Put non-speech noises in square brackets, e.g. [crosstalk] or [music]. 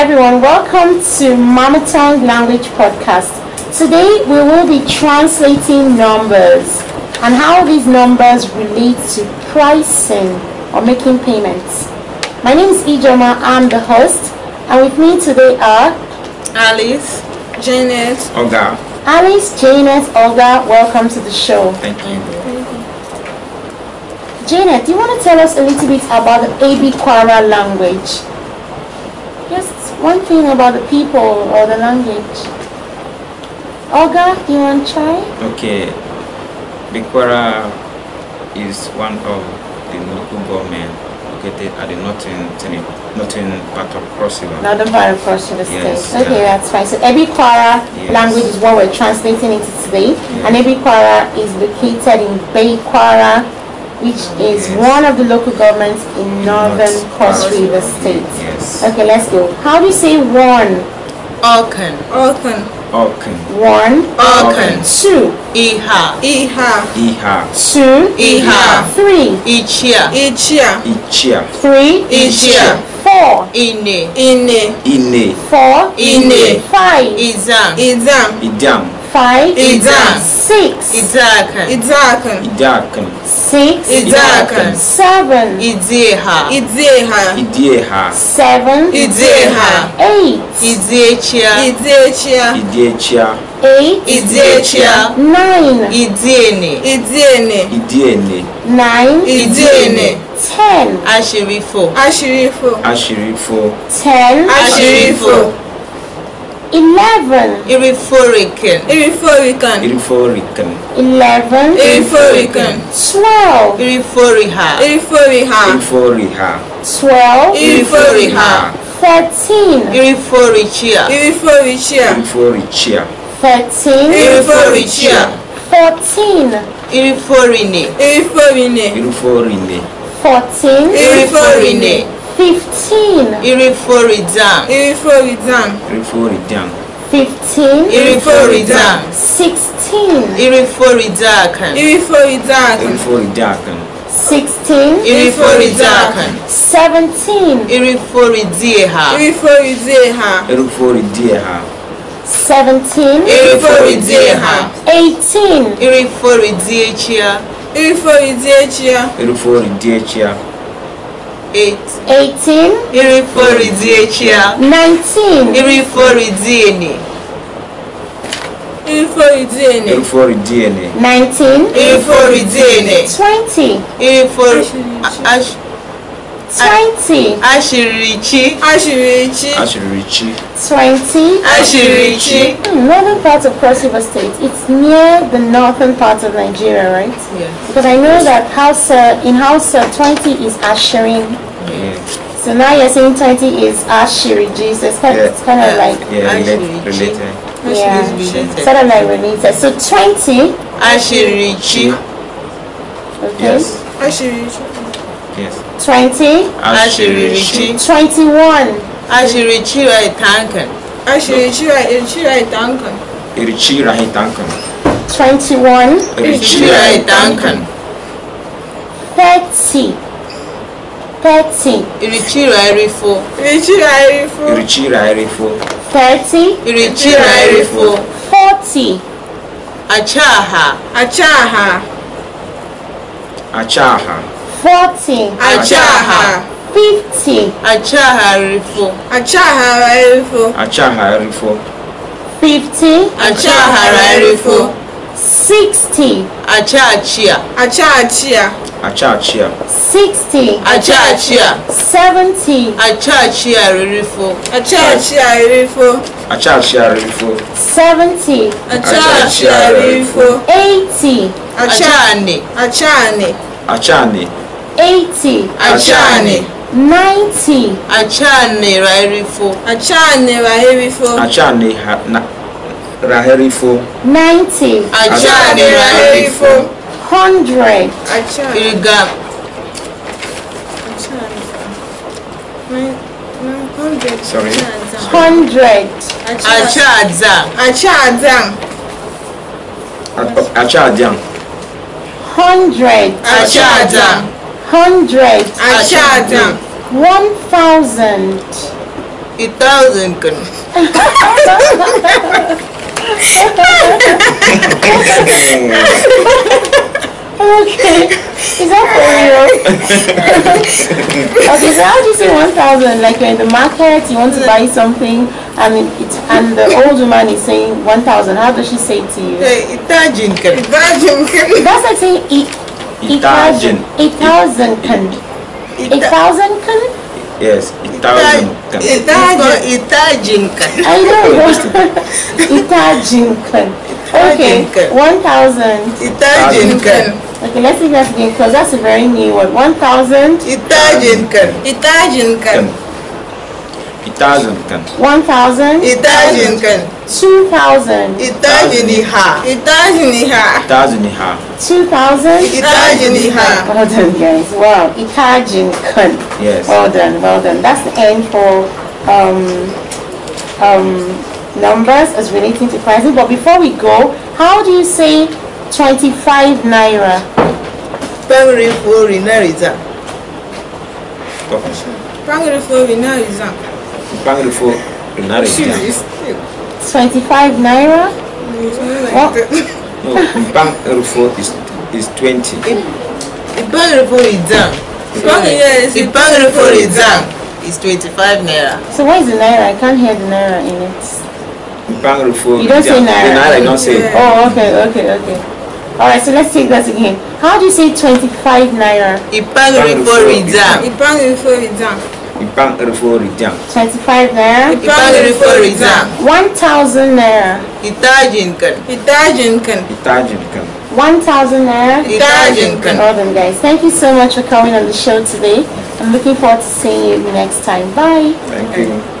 everyone, welcome to Mama Tongue Language Podcast. Today we will be translating numbers and how these numbers relate to pricing or making payments. My name is Ijoma, I'm the host, and with me today are Alice, Janet, Olga. Alice, Janet, Olga, welcome to the show. Thank you. Janet, do you want to tell us a little bit about the Abiquara language? one thing about the people or the language. Olga, do you want to try? Okay. Bikwara is one of the local government located at the northern, northern part of Crossila. Northern part of Crossila yes, state. Okay, that's fine. So Ebikwara yes. language is what we're translating into today. Yes. And Ebikwara is located in Baykwara, which is yes. one of the local governments in, northern North Cross River State. Okay, let's go. How do you say one? Oaken. Oaken. Oaken. One. Oaken. Two. Iha. Iha. Iha. Two. Iha. Three. Ichia. Ichia. Ichia. Three. Ichia. Four. Ine. Ine. Ine. Four. Ine. Five. Izam. Izam. Idam. five idan six idakan idakan idakan six idakan seven ideha ideha ideha seven ideha eight idechia idechia idechia eight idechia nine idene idene idene nine idene ten àṣírí four àṣírí four àṣírí four ten àṣírí four. Eleven. Iriforican. Iriforican. Iriforican. Eleven. Iriforican. Twelve. Iriforiha. Iriforiha. Iriforiha. Twelve. Iriforiha. Thirteen. Iriforichia. Iriforichia. Iriforichia. Thirteen. Iriforichia. Fourteen. Iriforine. Iriforine. Iriforine. Fourteen. Iriforine. Fifteen. Iriforidam. Iriforidam. Iriforidam. Fifteen. Iriforidam. Sixteen. Iriforidakan. Iriforidakan. Iriforidakan. Sixteen. Iriforidakan. Seventeen. Iriforidieha. Iriforidieha. Iriforidieha. Seventeen. Iriforidieha. Eighteen. Iriforidiecha. Iriforidiecha. Iriforidiecha. Eight. Eighteen. 18 iriforizi echi ya 19 iriforizi eni iriforizi Nineteen. iriforizi four 19 iriforizi eni 20 iriforizi eni twenty. Ashirichi. Ashirichi. Ashirichi. Twenty. Ashirichi. Hmm, northern part of Cross River State. It's near the northern part of Nigeria, right? Yes. Because I know that house uh, in house uh, twenty is Ashirin. Yeah. So now you're saying twenty is Ashiriji. So it's kind, yeah. it's kind of like yeah, related. related. Yeah, sort of like related. So twenty. Ashiriji. Okay. Yes. Ashiriji. Yes twenty. Ashirichi. Twenty-one. Ashirichira itankan. Ashirichira irichira itankan. Irichira itankan. Twenty-one. Irichira itankan. Thirty. Thirty. Irichira irifo. Irichira irifo. Irichira irifo. Thirty. Irichira irifo. Forty. Achaha. Achaha. Achaha. forty. Achaha. fifty. Achaharifo. Achaharifo. Achaharifo. fifty. Achaharifo. sixty. Achachia. Achachia. Achachia. sixty. Achachia. seventy. Achachia ririfo. Achachia ririfo. Achachia ririfo. seventy. Achachia ririfo. eighty. Achane. Achane. Achane eighty achane ninety achane raherifo achane raherifo achane ha na raherifo ninety achane raherifo hundred achane iriga achane hundred sorry hundred achadza achadza achadza hundred achadza. hundred ashadam ah, one thousand a thousand kun okay is that for real okay so how do you say one thousand like you're in the market you want to buy something and it, and the old woman is saying one thousand how does she say it to you eh, that's like saying Italian. Eight thousand Italian. Yes, Italian. Eight thousand Italian. I know. [laughs] Italian. Okay, 1,000. Italian. Okay, let's see that again because that's a very new one. 1,000. Italian. Italian. 一0 One thousand. 一 thousand kan. Two thousand. 一 thousand 以下。一 thousand 以下。thousand 以下。Two thousand. 一 thousand 以下。Well done, guys. Wow, 一 thousand Yes. Well done, well done. That's the end for um um numbers as relating to pricing. But before we go, how do you say twenty-five naira? Pangri fori nariza. Pangri Primary four naira Twenty-five naira. What? no, primary four is is twenty. Primary four is down. four is down. It's twenty-five naira. So is the naira? I can't hear the naira in it. Primary four. You don't say naira. The naira, I don't say. Yeah. Oh, okay, okay, okay. Alright, so let's take that again. How do you say 25 naira? Ipang is twenty. Ibang Erufo Rijam. 25 naira. Ibang Erufo Rijam. 1000 naira. Itajinkan. Itajinkan. Itajinkan. 1000 naira. Itajinkan. All them guys. Thank you so much for coming on the show today. I'm looking forward to seeing you next time. Bye. Thank you.